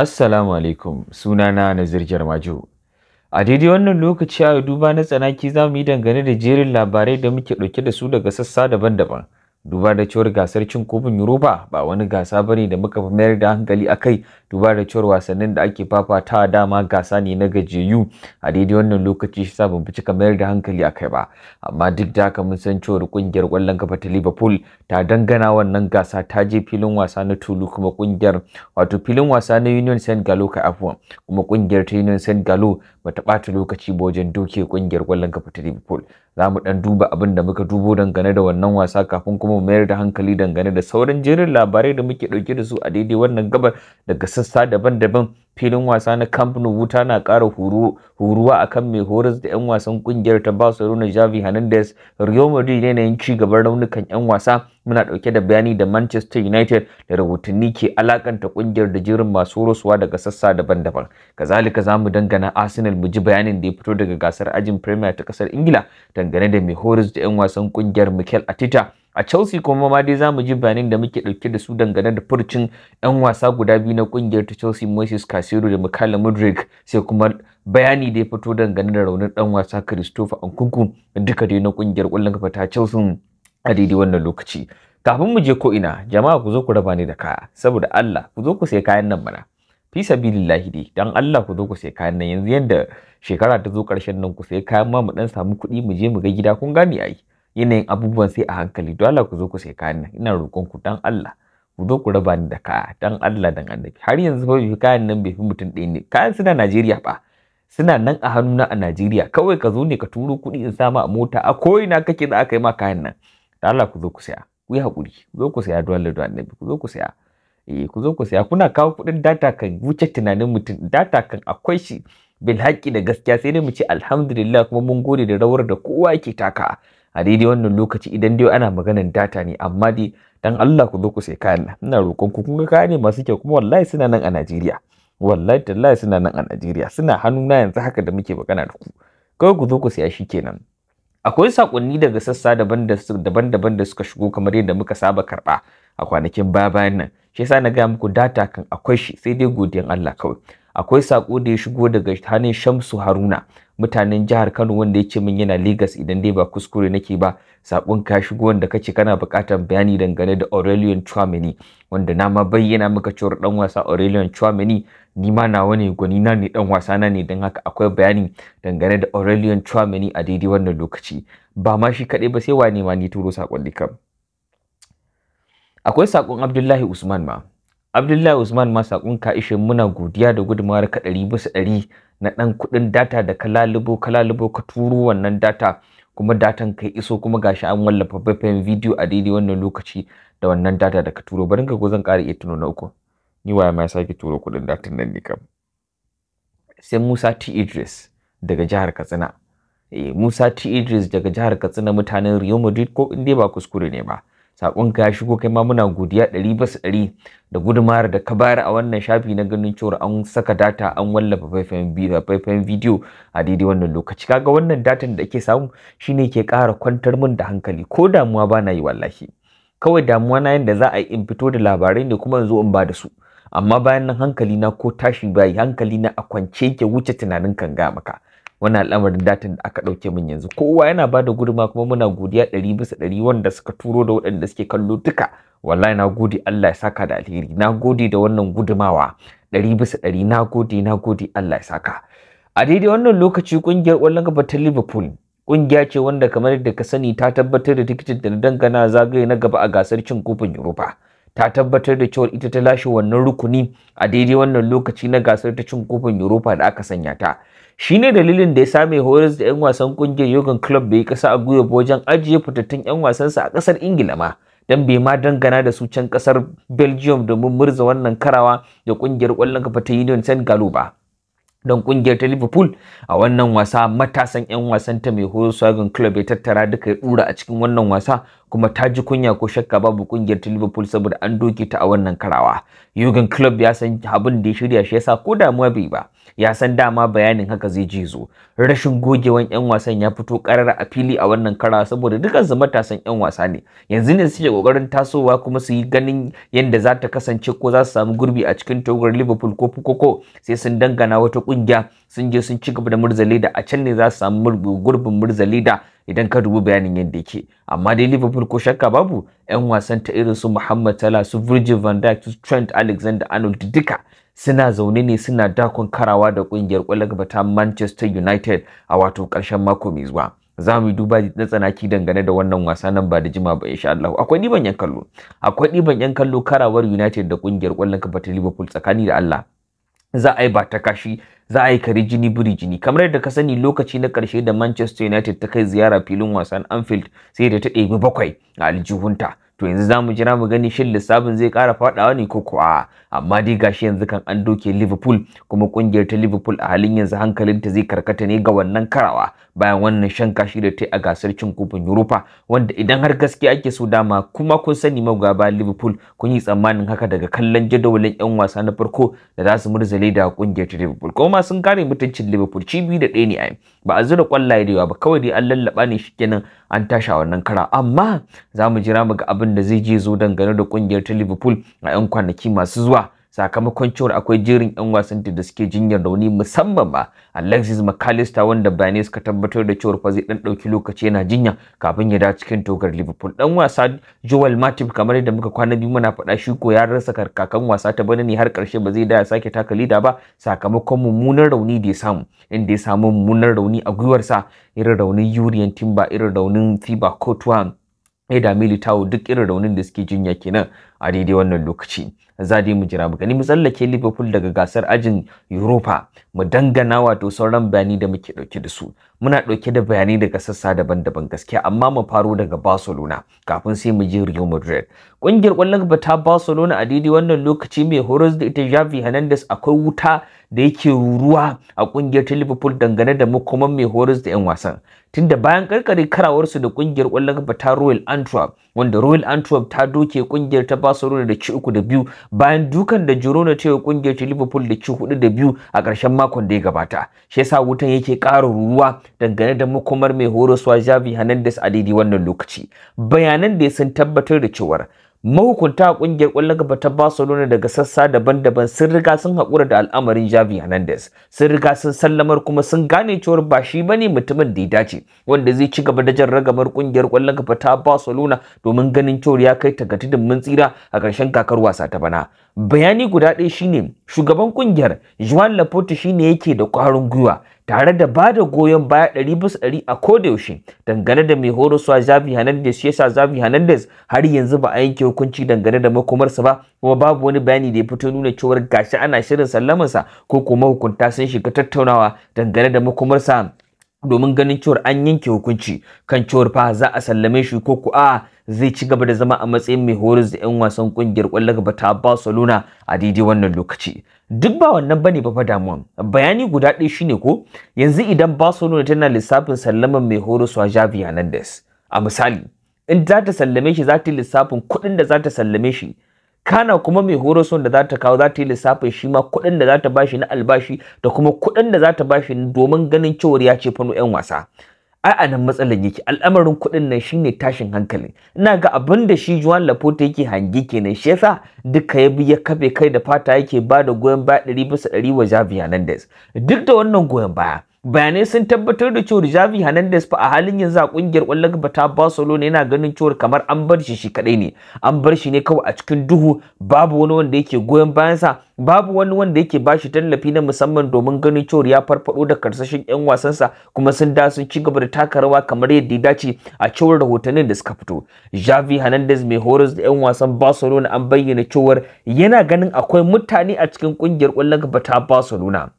Assalamu alaikum sunana Nazir Jarmajo. A daidai wannan lokaci a duba na tsanaki za mu yi dangane da jerin labarai da muke ɗauke da su daga sassa daban-daban duba da cewar gasar cin kofin Yoruba ba wani gasa ba ne da muka fi mayar da hankali a kai duba da cewar wasannin da ake fafata dama gasa ne na gajeyu a daidai wannan lokaci shi ban fi cika mayar da hankali a kai ba amma duk da haka mun san cewar kungiyar kwallon kafa ta liverpool ta dangana wannan gasa ta je filin wasa na tulu kuma kungiyar wato filin wasa na union Saint gallo ka afuwa kuma kungiyar ta union Saint gallo bata ɓata lokaci ba wajen doke ƙungiyar ƙwallon kafa ta Liverpool. Za mu ɗan duba abin da muka dubo dangane da wannan wasa kafin kuma mu mayar da hankali dangane da sauran jerin labarai da muke ɗauke da su a daidai wannan gabar daga sassa daban-daban filin wasa na Camp Nou wuta na ƙara huruwa akan mai horas da 'yan wasan ƙungiyar ta Barcelona Javi Hernandez Real Madrid yanayin ci gaban raunukan 'yan wasa muna ɗauke da bayani da Manchester United da rahotanni ke alakanta ƙungiyar da jerin masu rusuwa daga sassa daban-daban kazalika zamu dangana Arsenal mu ji bayanin da ya fito daga gasar ajin Premier ta ƙasar Ingila dangane da mai horas da 'yan wasan kungiyar Mikel Arteta a chelsea kuma ma dai zamu ji bayanin da muke dauke da su dangane da furcin ɗan wasa guda biyu na kungiyar ta chelsea moses casero da mikhail mudrik sai kuma bayani da ya fito dangane da raunin dan wasa christopher ankunku duka dai na kungiyar kwallon kafa ta chelsea a daidai wannan lokaci kafin mu je ko ina jama'a ku zo ku raba ni da kaya saboda allah ku zo ku sai kayan nan mana fi sabilillahi dai dan Allah ku zo ku sai kayan nan yanzu yanda shekara ta zo karshen nan ku sai kayan ma mu dan samu kuɗi mu je mu ga gida kun gane ai yanayin abubuwan sai a hankali to Allah ku zo ku sai kayan nan ina roƙon ku dan Allah ku zo ku raba ni da kaya dan Allah dan annabi har yanzu ba bai kayan nan bai fi mutum ɗaya ne kayan suna Najeriya ba? suna nan a hannuna a Najeriya kawai ka zo ne ka turo kuɗi in sama a mota a ko'ina kake za a yi ma kayan nan da Allah ku zo ku saya ku yi haƙuri ku zo ku saya dole da annabi ku zo ku saya eh ku zo ku saya kuna kawo kuɗin data kan wuce tunanin mutum data kan akwai shi bil haƙi da gaskiya sai dai mu ce alhamdulillah kuma mun gode da rawar da kowa yake taka a daidai wannan lokaci idan dai ana maganan data ne amma dai dan Allah ku zo ku sai kayan nan ina roƙon ku kun ga kaya ne masu kyau kuma wallahi suna nan a Najeriya wallahi tallahi suna nan a Najeriya suna hannu na yanzu haka da muke magana da ku kawai ku zo ku saya kenan. akwai sakonni daga sassa daban-daban da suka shigo kamar yadda muka saba karɓa a kwanakin baya bayan nan shi yasa na ga muku data kan akwai shi sai dai godiyan Allah kawai akwai sako da ya shigo daga hannun Shamsu Haruna mutanen jihar Kano wanda ya ce min yana Lagos idan dai ba kuskure nake ba sakon ka shigo wanda kace kana buƙatar bayani dangane da Aurelion chuamini wanda na ma bayyana maka cewar dan wasa Aurelion chuamini ni ma nawa ne gwani na ne dan wasa na ne don haka akwai bayani dangane da Aurelion chuamini a daidai wannan lokaci ba ma shi kaɗai ba sai wani ma ni turo sakon duka akwai sakon Abdullahi Usman ma Abdullahi Usman Masakun ka ishe muna godiya da gudunmawar ka 100 bisa ɗari na ɗan kuɗin data da ka lalubo ka ka turo wannan data kuma datan kai iso kuma gashi an wallafa faifan bidiyo a daidai wannan lokaci da wannan data da ka turo barin ka ko zan ƙara iya tuno na uku ni waya ma ya sake turo kuɗin datan nan ne kam sai Musa T Idris daga jihar Katsina eh Musa T Idris daga jihar Katsina mutanen Rio Madrid ko in ba kuskure ne ba sakon ka ya shigo kai ma muna godiya ɗari bas ɗari da gudumar da ka bayar a wannan shafi na ganin cewa an saka data an wallafa faifayen bidiyo a daidai wannan lokaci kaga wannan datan da ake samu shine ke ƙara kwantar min da hankali ko damuwa ba na yi wallahi kawai damuwa na yanda za a yi in fito da labarai ne kuma zo in ba da su amma bayan nan hankali na ko tashi bayi hankali na a kwance ke wuce tunanin kan ga maka wannan al'amarin datin da aka ɗauke min yanzu kowa yana ba da guduma kuma muna godiya ɗari bisa ɗari wanda suka turo da waɗanda suke kallo duka wallahi na gode Allah ya saka da alheri na gode da wannan gudumawa ɗari bisa ɗari na gode na gode Allah ya saka a daidai wannan lokaci ƙungiyar ƙwallon gaba ta Liverpool ƙungiya ce wanda kamar da ka sani ta tabbatar da tikitin da na dangana zagaye na gaba a gasar cin kofin Europa. ta tabbatar da cewa ita ta lashe wannan rukuni a daidai wannan lokaci na gasar ta cin kofin Europa da aka sanya ta. Shi ne dalilin da ya same horas da 'yan wasan kungiyar Yogan Club bai kasa a gwiwa wajen ajiye fitattun 'yan wasansa a kasar Ingila ma. Dan bai ma dangana da su can kasar Belgium domin murza wannan karawa da kungiyar kwallon kafa ta Union Saint Gallo ba. don kungiyar ta Liverpool a wannan wasa matasan 'yan wasan ta mai Volkswagen Club ya tattara duka ya dura a cikin wannan wasa kuma ta ji kunya ko shakka babu kungiyar ta Liverpool saboda an doke ta a wannan karawa. Jurgen Club ya san abin da ya shirya shi yasa ko damuwa bai ba. ya san dama bayanin haka zai ji zo rashin gogewan yan wasan ya fito karara a fili a wannan kara saboda dukansu matasan yan wasa ne yanzu ne suke kokarin tasowa kuma su yi ganin yadda za ta kasance ko za su samu gurbi a cikin togar Liverpool ko Fukoko sai sun dangana wata kungiya sun je sun ci gaba da murzali da a can ne za su samu gurbin murzali da idan ka dubi bayanin yadda yake amma dai Liverpool ko shakka babu 'yan wasan ta irin su Muhammad Salah su Virgil van Dijk su Trent Alexander-Arnold duka suna zaune ne suna dakon karawa da kungiyar ƙwallon gaba Manchester United a wato ƙarshen mako mai zuwa. Za mu yi duba na tsanaki dangane da wannan wasa nan ba da jima ba insha Allah. Akwai ɗiban yan kallo. Akwai ɗiban yan kallo karawar United da kungiyar ƙwallon gaba ta Liverpool tsakani da Allah. Za a yi ba ta kashi za a yi kare jini biri jini kamar yadda ka sani lokaci na karshe da Manchester United ta kai ziyara filin wasan Anfield sai da ta ɗebi bakwai a aljihunta to yanzu za mu jira mu gani shin lissafin zai ƙara faɗawa ne ko kuwa amma dai gashi yanzu kan an doke liverpool kuma ƙungiyar ta liverpool a halin yanzu hankalinta zai karkata ne ga wannan karawa bayan wannan shan kashi da ta a gasar cin kofin Europa wanda idan har gaskiya ake so dama kuma kun sani magoya ba Liverpool kun yi tsammanin haka daga kallon jadawalin 'yan wasa na farko da za su murzale da kungiyar ta Liverpool kuma sun kare mutuncin Liverpool ci biyu da ɗaya ne ai ba a zura kwallaye da yawa ba kawai dai an lallaɓa ne shi shikenan an tashi a wannan kara amma za mu jira mu ga abin da zai je zo dangane da kungiyar ta Liverpool a 'yan kwanaki masu zuwa sakamakon cewar akwai jerin 'yan wasan da suke jinyar rauni musamman ma Alexis McAllister wanda bayanai suka tabbatar da cewar fa zai dan dauki lokaci yana jinya kafin ya dawo cikin togar Liverpool dan wasa Joel Matip kamar yadda muka kwana biyu muna faɗa shi ko ya rasa karkakan wasa ta bana ne har karshe ba zai da sake taka lida ba sakamakon mummunan rauni da ya samu inda ya samu mummunan rauni a sa, irin raunin Urian Timber irin raunin Thibaut Courtois Eda Militao duk irin raunin da suke jinya kenan a daidai wannan lokaci za dai mu jira mu gani mu tsallake liverpool daga gasar ajin europa mu dangana wato sauran bayanai da muke dauke da su muna dauke da bayanai daga sassa daban-daban gaskiya amma mu faro daga barcelona kafin sai mu je real madrid kungiyar kwallon gaba ta barcelona a daidai wannan lokaci mai horas da ita javi hernandez akwai wuta da yake ruruwa a kungiyar ta liverpool dangane da makoman mai horas da yan wasan tunda bayan karkare karawarsu da kungiyar kwallon gaba ta royal antwerp wanda Royal Antwerp ta doke kungiyar ta Barcelona da ci uku da biyu bayan dukan da Girona ta yi kungiyar ta Liverpool da ci hudu da biyu a ƙarshen makon da ya gabata. Shi yasa wutan yake ƙara ruruwa dangane da makomar mai horoswa Javi Hernandez a daidai wannan lokaci. Bayanan da sun tabbatar da cewar mahukunta a kungiyar kwallon gaba ta Barcelona daga sassa daban-daban sun riga sun haƙura da al'amarin Javi Hernandez sun riga sun sallamar kuma sun gane cewar ba shi bane mutumin da ya dace wanda zai ci gaba da jan ragamar kungiyar ƙwallon gaba ta Barcelona domin ganin cewar ya kai ta ga mun tsira a ƙarshen kakar wasa ta bana bayani guda ɗaya shine shugaban kungiyar Joan Laporte shine yake da ƙwarin gwiwa tare da ba da goyon baya ɗari bisa ɗari a kodayaushe dangane da mai horoswa zabi Hernandez shi yasa zabi Hernandez har yanzu ba a yanke hukunci dangane da makomarsa ba kuma babu wani bayani da ya fito nuna cewar gashi ana shirin sallamarsa ko kuma hukunta sun shiga tattaunawa dangane da makomarsa domin ganin cewar an yanke hukunci kan cewar fa za a sallame shi ko ku a zai ci gaba da zama a matsayin mai horis da 'yan wasan kungiyar kwallon gaba ta Barcelona a daidai wannan lokaci. Duk ba wannan bane ba fa damuwan. Bayani guda ɗaya shine ko yanzu idan Barcelona tana lissafin sallaman mai horis wa Javi Hernandez. A misali, in za ta sallame shi za ta lissafin kuɗin da za ta sallame shi kana kuma mai horoson da za ta kawo za ta yi lissafin shi ma kuɗin da za ta bashi na albashi da kuma kuɗin da za ta bashi domin ganin cewar ya ce fano 'yan wasa ai a nan matsalar yake al'amarin kuɗin nan shine tashin hankali ina ga abin da shi Juan Laporte yake hangi kenan shi yasa duka ya bi ya kafe kai da fata yake ba da goyon baya ɗari bisa ɗari wa Javi Hernandez duk da wannan goyon baya bayanai sun tabbatar da cewa Javi Hernandez fa a halin yanzu a kungiyar Kwallagabata gaba ta Barcelona yana ganin cewa kamar an bar shi shi kadai ne an bar shi ne kawai a cikin duhu babu wani wanda yake goyon bayansa babu wani wanda yake bashi tallafi na musamman domin ganin cewa ya farfado da karsashin yan wasansa kuma sun da sun ci gaba da taka rawa kamar yadda ya dace a cewar rahotannin da suka fito Javi Hernandez mai horas da yan wasan Barcelona an bayyana cewa yana ganin akwai mutane a cikin kungiyar ƙwallon gaba ta Barcelona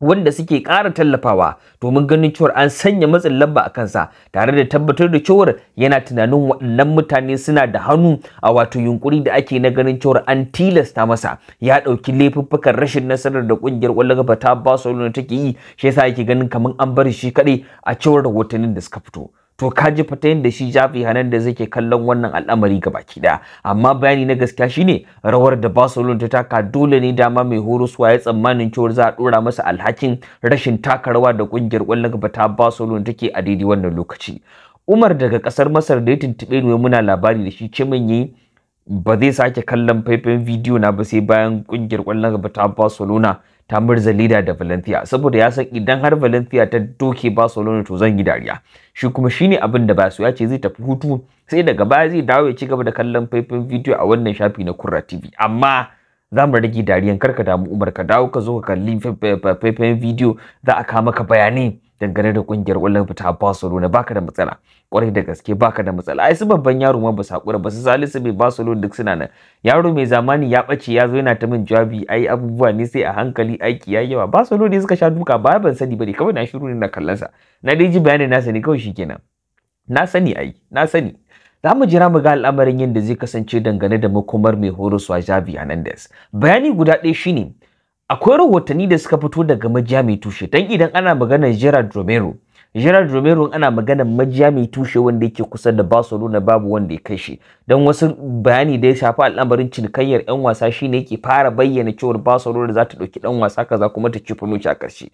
wanda suke ƙara tallafawa domin ganin cewar an sanya matsin lamba a kansa tare da tabbatar da cewar yana tunanin waɗannan mutane suna da hannu a wato yunkuri da ake na ganin cewar an tilasta masa ya ɗauki laifuffukan rashin nasarar da ƙungiyar ƙwallon kafa ta Barcelona take yi shi yasa yake ganin kamar an bari shi kaɗai a cewar rahotannin da suka fito to ka ji fata yadda shi jafi da zai ke kallon wannan al'amari gabaki daya amma bayani na gaskiya shi ne rawar da Barcelona ta taka dole ne dama mai horo suwa ya tsammanin cewa za a dora masa alhakin rashin taka rawa da kungiyar kwallon gaba ta Barcelona take a daidai wannan lokaci Umar daga kasar Masar da ya tuntuɓe ne muna labari da shi ce yi ba zai sake kallon faifan bidiyo na ba sai bayan kungiyar kwallon gaba ta Barcelona ta murza leda da Valencia saboda ya san idan har Valencia ta doke ba Barcelona to zan yi dariya shi kuma shine abin da Basu ya ce zai tafi hutu sai daga baya zai dawo ya ci gaba da kallon faifin bidiyo a wannan shafi na Kurra TV amma za mu rage dariyan karka damu Umar ka dawo ka zo ka kalli faifin bidiyo za a kawo maka bayanai dangane da kungiyar ƙwallon fita Barcelona baka da matsala kwarai da gaske baka da matsala ai su babban yaro ma ba su haƙura, ba su Salisu bai Barcelona duk suna nan yaro mai zamani ya bace ya zo yana ta min jawabi ai abubuwa ne sai a hankali aiki yayi yawa Barcelona suka sha duka ba ban sani bane kawai na shiru ne na kallon sa na dai ji bayanin nasa ne kawai shikenan na sani ai na sani za mu jira mu ga al'amarin yadda zai kasance dangane da makomar mai horoswa Javi Hernandez bayani guda ɗaya shine akwai rahotanni da suka fito daga majiya mai tushe dan idan ana magana Gerard Romero Gerard Romero ana magana majiya mai tushe wanda yake kusa da Barcelona babu wanda ya kashe dan wasu bayani da ya shafi al'amarin cinikayyar 'yan wasa shine yake fara bayyana cewar Barcelona za ta dauki ɗan wasa kaza kuma ta ci fanuci a ƙarshe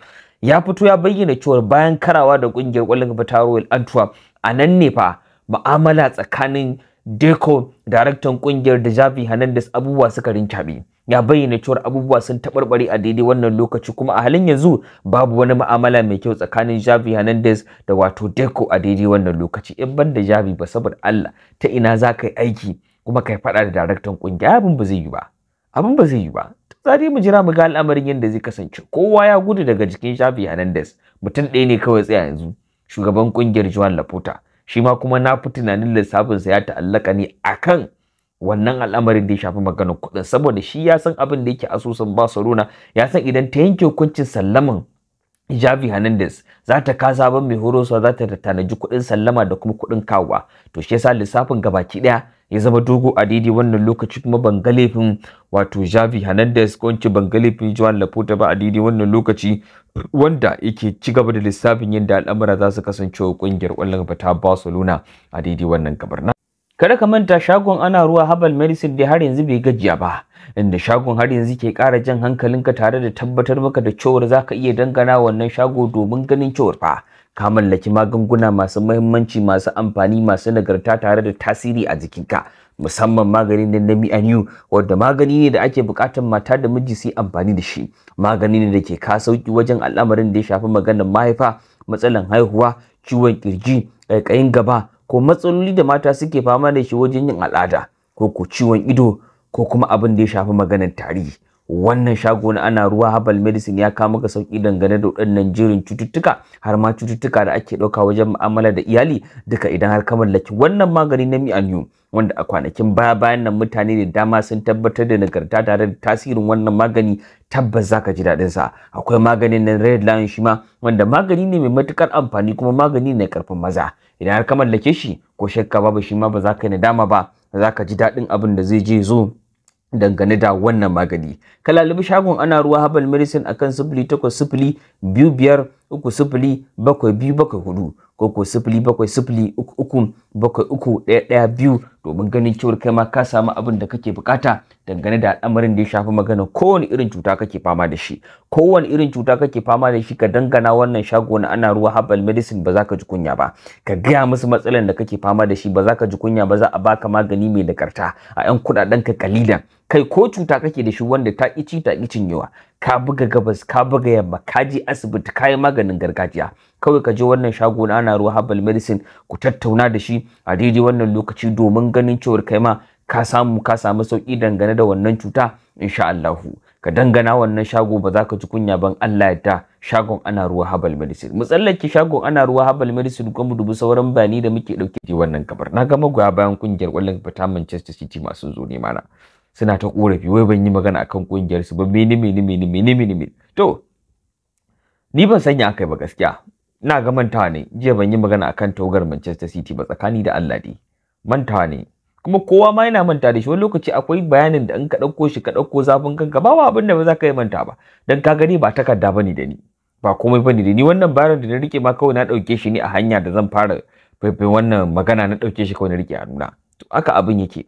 ya fito ya bayyana cewar bayan karawa da kungiyar ƙwallon kafa ta Royal Antwerp a nan ne fa ma'amala tsakanin Deco daraktan ƙungiyar da Javi Hernandez abubuwa suka rinkabe ya bayyana cewar abubuwa sun taɓarɓare a daidai wannan lokaci kuma a halin yanzu babu wani ma'amala mai kyau tsakanin Javi Hernandez da wato Deco a daidai wannan lokaci in ban da Javi ba saboda Allah ta ina za ka yi aiki kuma kai faɗa da daraktan ƙungiya abin ba zai yi ba abin ba zai yi ba dai mu jira mu ga al'amarin yadda zai kasance kowa ya gudu daga jikin Javi Hernandez mutum ɗaya ne kawai tsaya yanzu shugaban ƙungiyar Juan Laporta shi ma kuma na fi tunanin lissafinsa ya ta'allaka ne akan wannan al'amarin da ya shafi maganar kuɗin saboda shi ya san abin da yake asusun runa ya san idan ta yanke hukuncin sallaman Javi Hernandez za ta ka sabon mai horo horoswa za ta tanaji kuɗin sallama da kuma kuɗin kawa to shi yasa lissafin gabaki ɗaya ya zama dogo a daidai wannan lokaci kuma ban wato Javi Hernandez ko ce ban ga laifin Laporta ba a daidai wannan lokaci wanda yake ci gaba da lissafin yadda al'amura za su kasance kungiyar ƙwallon ta Barcelona a daidai wannan gabar Kada ka manta shagon ana ruwa habal Medicine da har yanzu bai gajiya ba, inda shagon har yanzu ke ƙara jan hankalinka tare da tabbatar maka da cewar za ka iya dangana wannan shago domin ganin cewar fa ka mallaki magunguna masu mahimmanci masu amfani masu nagarta tare da tasiri a jikinka. musamman maganin da na mi'aniyu wadda magani ne da ake bukatar mata da miji su yi amfani da shi magani ne da ke ka sauki wajen al'amarin da ya shafi maganar mahaifa matsalan haihuwa ciwon kirji ƙaiƙayin gaba ko matsaloli da mata suke fama da shi wajen yin al'ada ko ko ciwon ido ko kuma abin da ya shafi maganar tarihi wannan shago na ana ruwa Habal medicine ya kama ga sauki dangane da waɗannan jerin cututtuka har ma cututtuka da ake ɗauka wajen mu'amala da iyali duka idan har ka mallaki wannan magani na mi anyu wanda a kwanakin baya bayan nan mutane da dama sun tabbatar da nagarta tare da tasirin wannan magani tabbas zaka ji daɗin sa akwai maganin nan red lion shi ma wanda magani ne mai matukar amfani kuma magani ne karfin maza idan har ka mallake shi ko shakka babu shi ma ba za ka yi nadama ba za ka ji daɗin abin da zai je zo dangane da wannan magani ka lalubi shagon ana ruwa herbal medicine akan sifili takwas sifili biyu biyar uku sifili bakwai biyu bakwai hudu ko ko sifili bakwai sifili uku uku bakwai uku ɗaya ɗaya biyu domin ganin cewar kai ma ka samu abin da kake bukata dangane da al'amarin da ya shafi magana kowane irin cuta kake fama da shi kowane irin cuta kake fama da shi ka dangana wannan shago na ana ruwa herbal medicine ba za ka ji kunya ba ka gaya musu matsalar da kake fama da shi ba za ka ji kunya ba za a baka magani mai nagarta a 'yan kuɗaɗen ka kalilan kai ko cuta kake da shi wanda ta ici ta icin yawa ka buga gabas ka buga yamma ka je asibiti ka yi maganin gargajiya kawai ka je wannan shago na ana ruwa herbal medicine ku tattauna da shi a daidai wannan lokaci domin ganin cewar kai ma ka samu ka samu sauki dangane da wannan cuta insha Allahu ka dangana wannan shago ba za ka ji kunya ban Allah yadda shagon ana ruwa herbal medicine mu tsallake shagon ana ruwa herbal medicine kuma dubu sauran bani da muke dauke da wannan kabar na ga magoya bayan kungiyar kwallon fita Manchester City masu zo ne mana suna ta korafi wai ban yi magana akan kungiyar su ba mini mini mini mini mini to ni ban sanya akai ba gaskiya ina ga mantawa ne jiya ban yi magana akan togar Manchester City ba tsakani da Allah dai mantawa ne kuma kowa ma yana manta da shi wani lokaci akwai bayanin da in ka dauko shi ka ɗauko zafin kanka ba abin da ba za ka yi manta ba dan ka gani ba takarda bane da ni ba komai bane da ni wannan bayanin da na rike ma kawai na dauke shi ne a hanya da zan fara faifin wannan magana na ɗauke shi kawai na rike a nuna to aka abin yake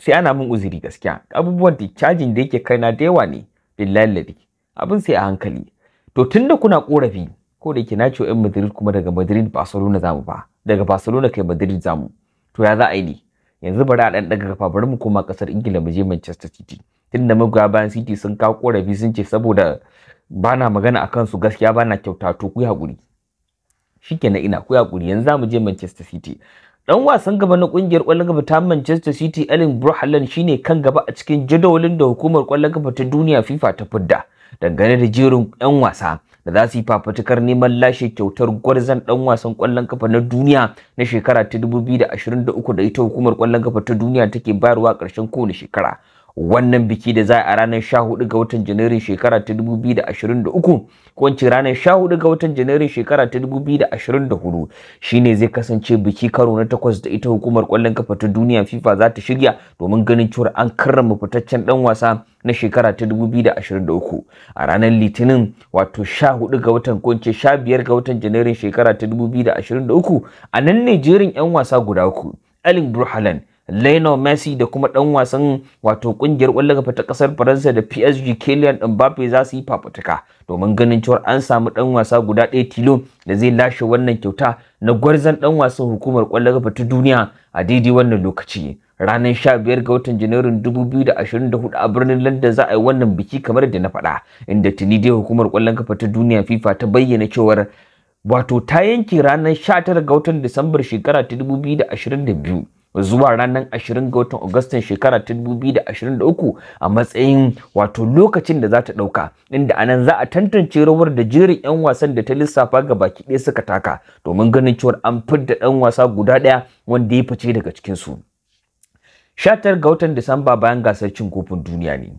sai ana min uzuri gaskiya abubuwan da cajin da yake kaina da yawa ne billahi ladi abin sai a hankali to tunda kuna korafi ko da yake na in yan Madrid kuma daga Madrid Barcelona zamu ba daga Barcelona kai Madrid zamu to ya za a yi ne yanzu bari a dan daga kafa bari mu koma kasar Ingila mu je Manchester City tunda magoya bayan City sun kawo korafi sun ce saboda bana magana akan su gaskiya bana kyauta to ku hakuri shikenan ina ku hakuri yanzu za mu je Manchester City Dan wasan gaba na kungiyar kwallon gaba ta Manchester City Erling shine kan gaba a cikin jadawalin da hukumar kwallon gaba ta duniya FIFA ta fidda dangane da jerin 'yan wasa da za su yi fafatukar neman lashe kyautar gwarzan dan wasan kwallon kafa na duniya na shekara ta 2023 da ita hukumar kwallon kafa ta duniya take bayarwa karshen kowane shekara. wannan biki da za a ranar 14 ga watan janairun shekara ta 2023 ko in ranar 14 ga watan janairun shekara ta 2024 shine zai kasance biki karo na takwas da ita hukumar kwallon kafa ta duniya FIFA za ta shirya domin ganin cewa an karrama fitaccen dan wasa na shekara ta 2023 a ranar litinin wato 14 ga watan ko in 15 ga watan janairun shekara ta 2023 a nan ne jerin 'yan wasa guda uku Erling Burhalan Lionel Messi da kuma ɗan wasan wato ƙungiyar kwallon kafa ta kasar Faransa da PSG Kylian Mbappe za su yi fafutuka domin ganin cewa an samu ɗan wasa guda ɗaya tilo da zai lashe wannan kyauta na gwarzan ɗan wasan hukumar kwallon kafa ta duniya a daidai wannan lokaci. ranar 15 ga watan janairun 2024 a birnin London za a yi wannan biki kamar da na faɗa inda tuni dai hukumar kwallon kafa ta duniya FIFA ta bayyana cewar wato ta yanke ranar 19 ga watan Disambar shekara ta 2022 zuwa ranar 20 ga watan Agustan shekara ta 2023 a matsayin wato lokacin da za ta ɗauka inda anan za a tantance rawar da jerin 'yan wasan da ta lissafa ga baki ɗaya suka taka domin ganin cewar an fidda ɗan wasa guda ɗaya wanda ya fice daga cikinsu. 19 ga watan Disamba bayan gasar cin kofin duniya ne.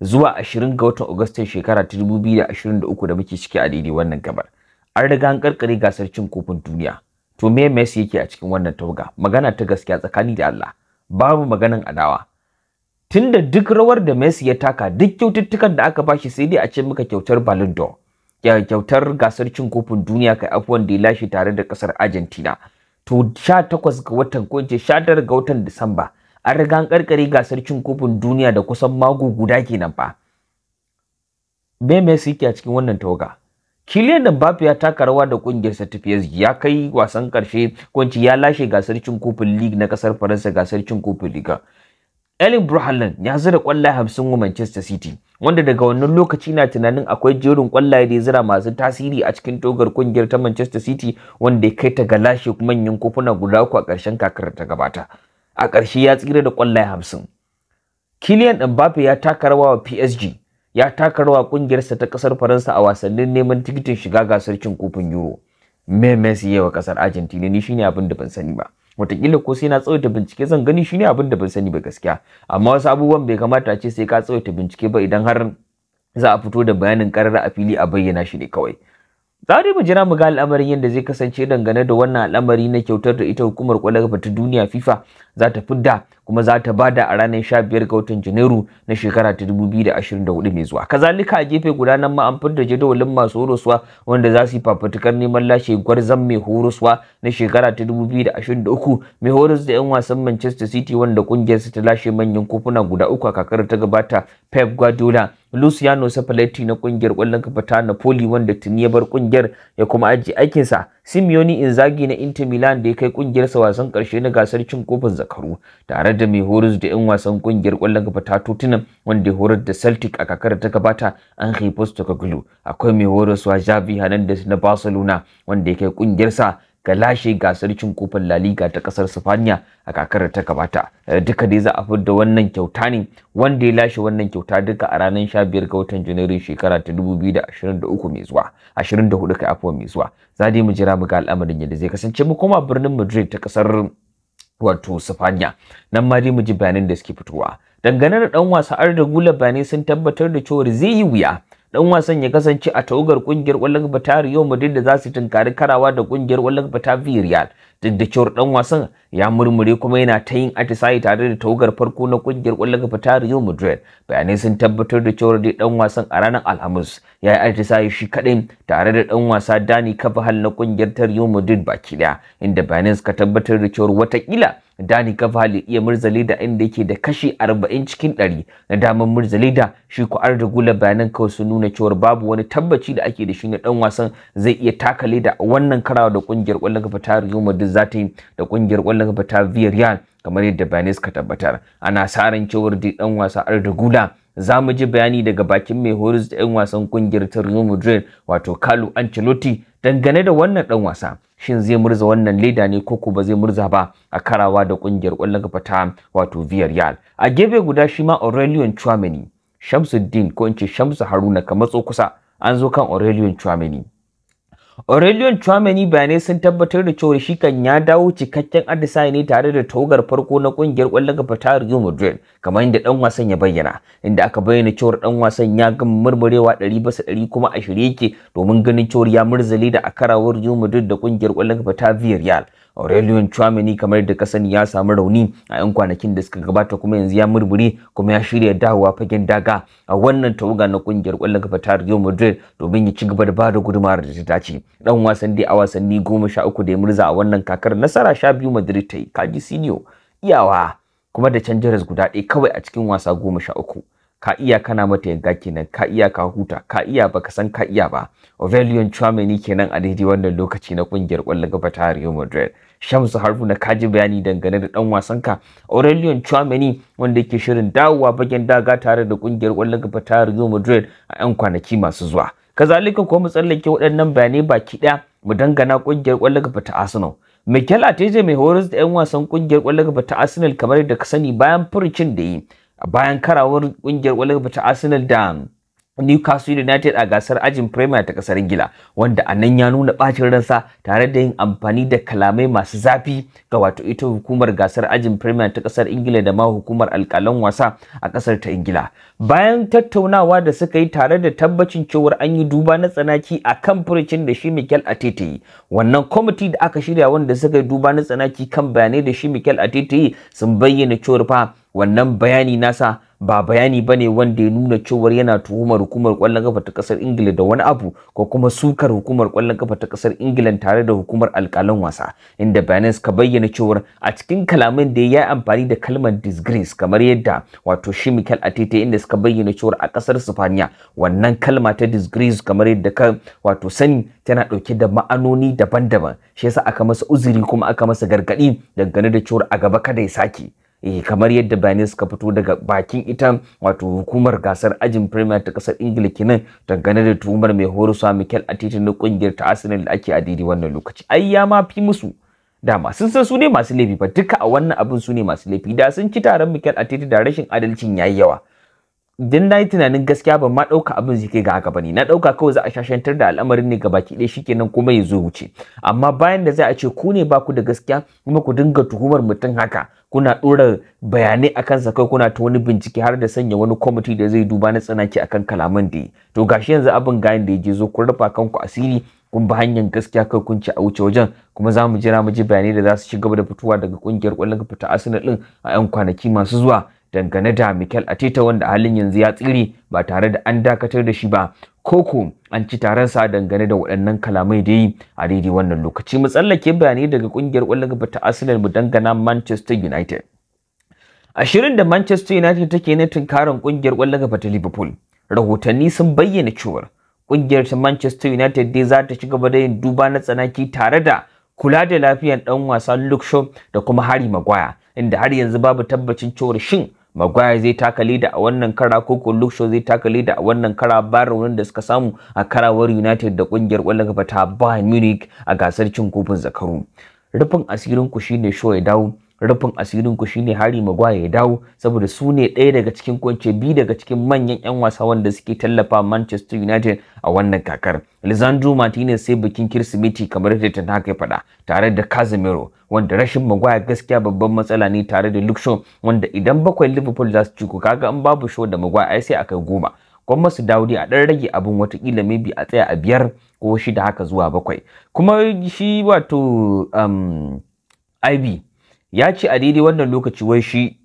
Zuwa 20 ga watan Agustan shekara ta 2023 da muke ciki a daidai wannan gabar. An riga an karkare gasar cin kofin duniya. to me Messi yake a cikin wannan tauga magana ta gaskiya tsakani da Allah babu maganan adawa tunda duk rawar da Messi ya taka duk kyaututtukan da aka bashi sai dai a ce muka kyautar Ballon d'Or kyautar gasar cin kofin duniya kai afwan da ya lashe tare da kasar Argentina to 18 ga watan ko ce 19 ga watan Disamba an riga an karkare gasar cin kofin duniya da kusan mago guda kenan fa me Messi yake a cikin wannan tauga Kylian Mbappe ya taka rawa da sa ta PSG ya kai wasan karshe kwanci ya lashe gasar cin kofin League na kasar Faransa gasar cin kofin Liga. Erling Haaland ya zira kwallaye hamsin wa Manchester City wanda daga wannan lokaci na tunanin akwai jerin kwallaye da ya zira masu tasiri a cikin togar kungiyar ta Manchester City wanda ya kai ta ga lashe manyan kofuna guda uku a ƙarshen kakar ta gabata. A karshe ya tsira da kwallaye hamsin. Kylian Mbappe ya taka rawa wa PSG ya taka rawa kungiyarsa ta kasar Faransa a wasannin neman tikitin shiga gasar cin kofin Euro. Me Messi yawa kasar Argentina ni shine abin da ban sani ba. Wataƙila ko sai na tsawaita bincike zan gani shine abin da ban sani ba gaskiya. Amma wasu abubuwan bai kamata a ce sai ka tsawaita bincike ba idan har za a fito da bayanin karara a fili a bayyana shi ne kawai. za mu jira mu ga al'amarin yadda zai kasance dangane da wannan al'amari na kyautar da ita hukumar kwalaba ta duniya FIFA za ta fidda kuma za ta bada a ranar 15 ga watan Janairu na shekara ta 2024 mai zuwa. Kazalika a gefe guda nan ma an fidda jadawalin masu horoswa wanda za su yi fafutukar neman lashe gwarzon mai horoswa na shekara ta 2023 mai horos da 'yan wasan Manchester City wanda kungiyar su ta lashe manyan kofuna guda uku a kakar ta gabata Pep Guardiola Luciano Spalletti na kungiyar kwallon kafa ta Napoli wanda tuni ya bar kungiyar ya kuma ajiye aikinsa Simeone Inzaghi na Inter Milan da ya kai kungiyarsa wasan ƙarshe na gasar cin kofin zakaru tare da mai horus da 'yan wasan kungiyar kwallon kafa ta Tottenham wanda ya horar da Celtic a kakar ta gabata an Postecoglou akwai mai horaswa Xavi Hernandez na Barcelona wanda ya kai kungiyarsa ga lashe gasar cin kofin La Liga ta kasar Sifaniya a kakar da ta gabata. Eh, duka dai za a fidda wannan kyauta ne wanda ya lashe wannan kyauta duka a ranar 15 ga watan janairu shekara ta 2023 mai zuwa, 24 kai afuwa mai zuwa. Za dai mu jira mu ga al'amarin yadda zai kasance mu koma birnin Madrid ta kasar wato Sifaniya. Nan ma dai mu ji bayanan da suke fitowa. Dangane da dan wasa Arda Gula bayanai sun tabbatar da cewa zai yi wuya dan wasan ya kasance a tawagar kungiyar kwallon kafa ta Madrid da za su tunkari karawa da kungiyar kwallon kafa ta Villarreal duk da cewar dan wasan ya murmure kuma yana ta yin atisaye tare da tawagar farko na kungiyar kwallon kafa ta Madrid bayanai sun tabbatar da cewar dai dan wasan a ranar Alhamis ya yi atisaye shi kadai tare da dan wasa Dani Carvajal na kungiyar ta Rio Madrid baki daya inda bayanai suka tabbatar da cewar watakila Dani Kavali iya murzalida inda yake da kashi 40 cikin 100 na daman murzalida shi ko da gula bayanan kawai sun nuna cewa babu wani tabbaci da ake da shi na dan wasan zai iya taka leda a wannan karawa da kungiyar kwallon kafa ta Real Madrid za yi da kungiyar kwallon kafa ta Villarreal kamar yadda bayanai suka tabbatar ana sa ran cewar dan wasa Arda Gula za mu ji bayani daga bakin mai horis da 'yan wasan kungiyar ta Real Madrid wato Carlo Ancelotti dangane da wannan dan wasa shin zai murza wannan leda ne ko ba zai murza ba a karawa da kungiyar kwallon kafa ta wato Villarreal a gefe guda shi ma Aurelion Tchouameni Shamsuddin ko in ce Shamsu Haruna kamar tso kusa an zo kan Aurelion Tchouameni Aurelion Chouameni bayanai sun tabbatar da cewa shi kan ya dawo cikakken Adisai ne tare da togar farko na kungiyar ƙwallon kafa ta Real Madrid kamar inda dan wasan ya bayyana inda aka bayyana cewa dan wasan ya gama murmurewa 100% kuma a shirye yake domin ganin cewa ya murzale da akarawar Real Madrid da kungiyar ƙwallon kafa ta Villarreal Aurelion Chouameni kamar da ka sani ya samu rauni a 'yan kwanakin da suka gabata kuma yanzu ya murmure kuma ya shirya dawowa fagen daga a wannan tawaga na kungiyar ƙwallon kafa ta Real Madrid domin ya ci gaba da bada gudumar da ta dace. Dan wasan dai a wasanni goma sha uku da ya murza a wannan kakar nasara sha biyu Madrid ta yi. Kaji Sinio iyawa kuma da canjeras guda ɗaya kawai a cikin wasa goma sha uku. ka iya kana mata yanka kenan ka iya ka huta ka iya baka san ka iya ba Ovelion Chouameni kenan a daidai wannan lokaci na kungiyar kwallon gaba ta Real Madrid Shamsu Harbu na kaji bayani dangane da dan wasan ka Aurelion Chouameni wanda yake shirin dawowa bagen daga tare da kungiyar kwallon gaba ta Real Madrid a yan kwanaki masu zuwa kazalika kuma mu tsallake waɗannan bayanai baki ɗaya mu dangana kungiyar kwallon gaba ta Arsenal Mikel Arteta mai horas da 'yan wasan kungiyar kwallon gaba ta Arsenal kamar yadda ka sani bayan furucin da yi A bayan karawar kungiyar kwallon ta Arsenal da Newcastle United a gasar ajin Premier ta kasar Ingila wanda a nan ya nuna bacin ransa tare da yin amfani da kalamai masu zafi ga wato ita hukumar gasar ajin Premier ta kasar Ingila da ma hukumar alkalan wasa a kasar ta Ingila. Bayan tattaunawa da suka yi tare da tabbacin cewar an yi duba na tsanaki a kan furucin da shi Mikel Arteta Wannan kwamiti da aka shirya wanda suka yi duba na tsanaki kan bayanai da shi Mikel Arteta sun bayyana cewa wannan bayani nasa ba bayani ba ne wanda ya nuna cewar yana tuhumar hukumar kwallon kafa ta kasar ingila da wani abu ko kuma sukar hukumar kwallon kafa ta kasar ingila tare da hukumar alkalan wasa inda bayanan suka bayyana cewar a cikin kalamin da ya amfani da kalmar disgrace kamar yadda wato shi michael atete inda suka bayyana cewar a kasar sifaniya wannan kalma ta disgrace kamar yadda ka wato sani tana dauke da ma'anoni daban-daban shi yasa aka masa uzuri kuma aka masa gargadi dangane da cewar a gaba kada ya sake Eh, kamar yadda bayanai suka fito daga bakin ita wato hukumar gasar ajin premier ta kasar ingila kenan dangane da tuhumar mai horoswa mikel atiti na kungiyar ta arsenal da ake a daidai wannan lokaci ai ya ma fi musu dama sun san su ne masu laifi ba duka a wannan abin su ne masu laifi da sun ci taron mikel atiti da rashin adalcin yayi yawa din na yi tunanin gaskiya ban ma ɗauka abin zai kai ga haka bane na ɗauka kawai za a shashantar da al'amarin ne gabaki ɗaya shikenan kuma ya zo wuce amma bayan da za a ce ku ne ba ku da gaskiya kuma ku dinga tuhumar mutum haka kuna ɗora bayanai akan sa kai kuna ta wani bincike har da sanya wani kwamiti da zai duba na tsanaki akan kalaman da yi to gashi yanzu abin gayan da ya je zo kun rufa kanku asiri kun ba hanyar gaskiya kai kun ci a wuce wajen kuma za mu jira mu ji bayanai da za su ci da fitowa daga kungiyar ƙwallon fita Arsenal din a 'yan kwanaki masu zuwa dangane da Mikel Arteta wanda halin yanzu ya tsire ba tare da an dakatar da shi ba koko an ci taron sa dangane da waɗannan kalamai da yi a daidai wannan lokaci mu tsallake bayanai daga ƙungiyar ƙwallon gaba ta Arsenal mu dangana Manchester United a shirin da Manchester United take na tunkarin ƙungiyar ƙwallon gaba ta Liverpool rahotanni sun bayyana cewa ƙungiyar ta Manchester United dai za ta ci gaba da yin duba na tsanaki tare da kula da lafiyar ɗan wasan Luke Shaw da kuma Harry Maguire inda har yanzu babu tabbacin cewa shin Maguire zai taka leda a wannan kara ko ko Luke zai taka leda a wannan kara ba raunin da suka samu a karawar United da kungiyar kwallon kafa ta Bayern Munich a gasar cin kofin zakaru. Rufin asirin ku shine Shaw ya dawo rufin asirin ku shine hari Maguire ya dawo saboda su ne ɗaya daga cikin kwance biyu daga cikin manyan 'yan wasa wanda suke tallafa Manchester United a wannan kakar. Lisandro Martinez sai bikin Kirsimeti kamar yadda ta haka faɗa tare da Casemiro wanda rashin Maguire gaskiya babban matsala ne tare da Luke Shaw wanda idan bakwai Liverpool za su ci ku kaga an babu Shaw da Maguire ai sai akai goma. gwamma su dawo a ɗan rage abin watakila maybe a tsaya a biyar ko shida haka zuwa bakwai kuma shi wato um, IB ya ce a daidai wannan lokaci wai shi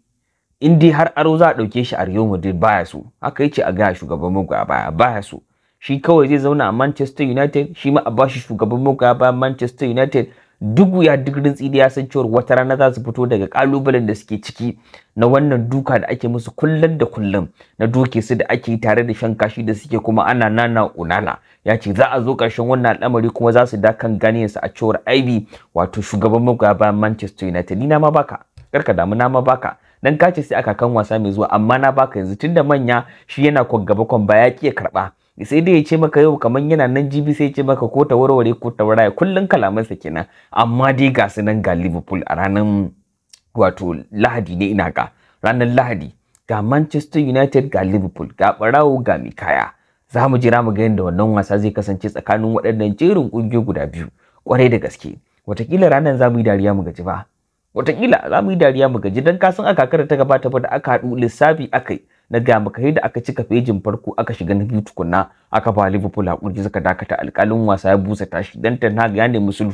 in dai har aro za a ɗauke shi a Real Madrid baya so haka yace a gaya shugaban magoya baya baya so shi kawai zai zauna a Manchester United shi ma a bashi shugaban magoya baya Manchester United duk wuya duk rintsi da ya san cewar wata rana za su fito daga kalubalen da suke ciki na wannan duka da ake musu kullum da kullum na doke su da ake tare da shan kashi da suke kuma ana nana unana ya ce za a zo ƙarshen wannan al'amari kuma za su dakan gane su a cewar ivy wato shugaban magaba Manchester United ni na ma baka karka damu na ma baka dan kace sai aka kan wasa mai zuwa amma na baka yanzu tunda manya shi yana kon gaba kon ba ya karba sai dai ya ce maka yau kamar yana nan jibi sai ya ce maka ko ta warware ko tawaraya waraya kullun kalamansa kenan amma dai ga su nan ga Liverpool a ranar wato Lahadi ne ina ga ranar Lahadi ga Manchester United ga Liverpool ga Barawo ga Mikaya za mu jira mu ga yadda wannan wasa zai kasance tsakanin waɗannan jerin ƙungiyoyi guda biyu kwarai da gaske watakila ranar za mu yi dariya mu gaji ba Wataƙila za mu yi dariya mu gaji don ka san aka kakar ta gabata ba da aka haɗu lissafi aka yi na gaya maka da aka cika fejin farko aka shiga na biyu tukunna aka ba Liverpool hakuri suka dakata alƙalin wasa ya busa tashi dan ta na ya nemi sulhu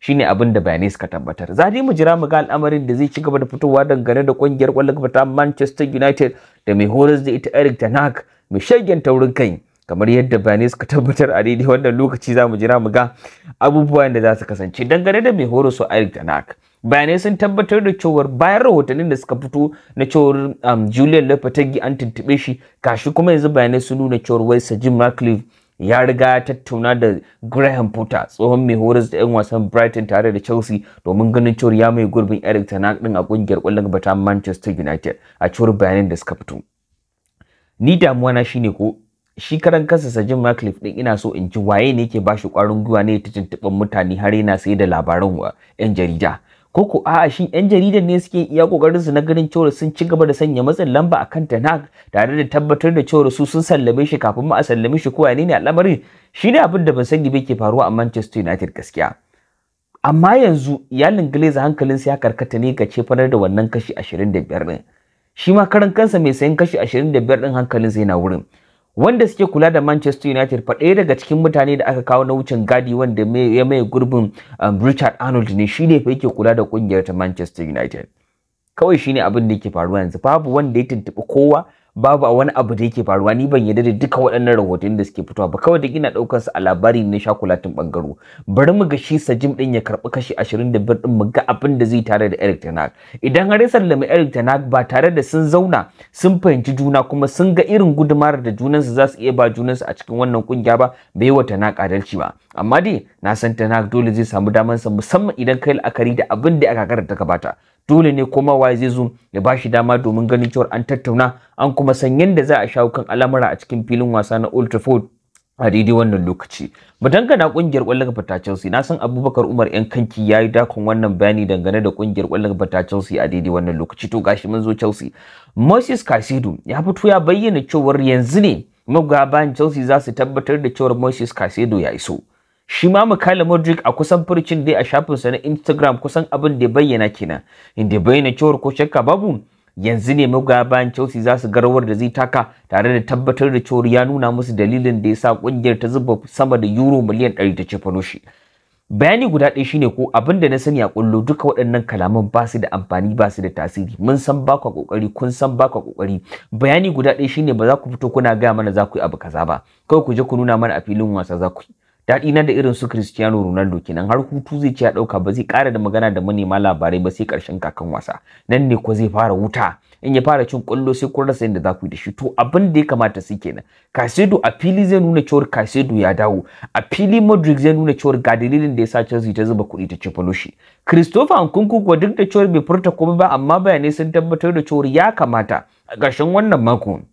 shine abin da bayanai suka tabbatar za mu jira mu ga al'amarin da zai ci gaba da fitowa dangane da ƙungiyar ƙwallon kafa ta Manchester United da mai horas da ita Eric Ten Hag mai shagen taurin kai kamar yadda bayanai suka tabbatar a daidai wannan lokaci za mu jira mu ga abubuwan da za su kasance dangane da mai horas Eric Ten Hag bayanai sun tabbatar da cewar bayan rahotannin da suka fito na cewar um, julian lopetegui an tuntuɓe shi kashi kuma yanzu bayanai sun nuna cewar wai sir jim ratcliffe ya riga tattauna da graham potter tsohon mai horas da 'yan wasan brighton tare da chelsea domin ganin cewar ya mai gurbin eric hag din a kungiyar kwallon bata manchester united a cewar bayanan da suka fito ni damuwa na shine ko shi karan kansa Sir Jim Ratcliffe din ina so in ji waye ne yake bashi kwarin gwiwa ne ta tuntuɓin mutane har yana sai da labaran wa 'yan jarida ko ko a'a shin yan jaridan ne suke iya kokarin su na ganin cewa sun ci gaba da sanya matsin lamba akan Tanag tare da tabbatar da cewa su sun sallame shi kafin ma a sallame shi ko wani ne a lamarin shi ne abin da ban sani ba ke faruwa a Manchester United gaskiya amma yanzu iyalin hankalin hankalinsa ya karkata ne ga cefanar da wannan kashi 25 din shi ma karan kansa mai sayan kashi 25 din hankalinsa yana wurin wanda suke kula da Manchester United fa ɗaya daga cikin mutane da aka kawo na wucin gadi wanda ya mai gurbin um, Richard Arnold ne shi ne fa yake kula da kungiyar ta Manchester United kawai shi ne abin da yake faruwa yanzu babu wanda ya tuntuɓi kowa babu a wani abu da yake faruwa ni ban yarda da duka waɗannan rahotanni da suke fitowa ba kawai da ina ɗaukar su a labari na shakulatin bangaro bari mu ga shi Jim din ya karɓi kashi 25 ɗin mu ga abin da zai tare da Eric Tanak idan har ya sallami Eric Tanak ba tare da sun zauna sun fahimci juna kuma sun ga irin gudumar da junansu za su iya ba junansu a cikin wannan kungiya ba bai wa Tanak adalci ba amma dai na san Tanak dole zai samu damar sa musamman idan kai la'akari da abin da aka karanta gabata dole ne kuma wa zai zo ya bashi dama domin ganin cewa an tattauna an kuma san yadda za a shawo kan al'amura a cikin filin wasa na Old Trafford a daidai wannan lokaci. Mu dangana kungiyar ƙwallon kafa ta Chelsea na san Abubakar Umar yan kanki yayi dakon wannan bayani dangane da kungiyar ƙwallon kafa ta Chelsea a daidai wannan lokaci to gashi mun zo Chelsea. Moses Caicedo ya fito ya bayyana cewar yanzu ne magoya Chelsea za su tabbatar da cewa Moses Caicedo ya iso. shi ma Mikhail Modric a kusan furcin dai a shafin sa na Instagram kusan abin da ya bayyana kenan inda bayyana cewar ko shakka babu yanzu ne magoya bayan Chelsea za su garwar da zai taka tare da tabbatar da cewar ya nuna musu dalilin da ya sa kungiyar ta zuba sama da euro miliyan 100 ta cefano shi bayani guda ɗaya shine ko abin da na sani a kullo duka waɗannan kalaman ba su da amfani ba su da tasiri mun san ba ku kokari kun san ba ku kokari bayani guda ɗaya shine ba za ku fito kuna gaya mana za ku yi abu kaza ba kawai ku je ku nuna mana a filin wasa za ku yi daɗi na da irin su Cristiano Ronaldo kenan har hutu zai ci ya ɗauka ba zai ƙara da magana da manema labarai ba sai ƙarshen kakan wasa nan ne ko zai fara wuta in ya fara cin ƙwallo sai kun rasa yadda za ku yi da shi to abin da ya kamata su kenan Casedo a fili zai nuna cewar Casedo ya dawo a fili Modric zai nuna cewar ga dalilin da ya sa Chelsea ta zuba kuɗi ta ci shi Christopher Nkunku kuwa duk da cewar bai furta komai ba amma bayanai sun tabbatar da cewar ya kamata a ƙarshen wannan makon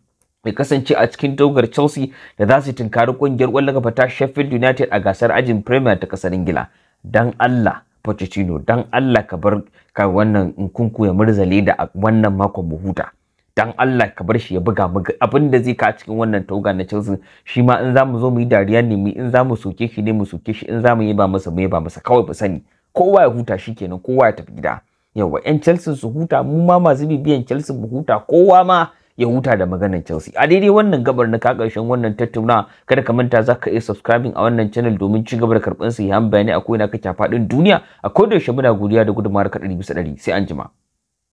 Mai kasance a cikin dogar Chelsea da za su tunkari kungiyar ƙwallon kafa ta Sheffield United a gasar ajin Premier ta kasar Ingila. Dan Allah Pochettino, dan Allah ka bar ka wannan kunku ya murzale da wannan makon mu huta. Dan Allah ka bar shi ya buga mu abin da zai ka cikin wannan toga na Chelsea shi ma in zamu zo mu yi dariya ne mu in zamu soke shi ne mu soke shi in zamu yi ba masa mu yi ba masa kawai ba sani. Kowa ya huta shi kenan kowa ya tafi gida. Yawa 'yan Chelsea su huta mu ma masu bibiyan Chelsea mu huta kowa ma ya huta da maganar Chelsea a daidai wannan gabar na ka karshen wannan tattauna kada ka manta za ka iya subscribing a wannan channel domin ci gaba da karɓar sahihan bayanai a ko'ina kake faɗin duniya a kodayaushe muna godiya da gudunmawar ka ɗari bisa ɗari sai anjima.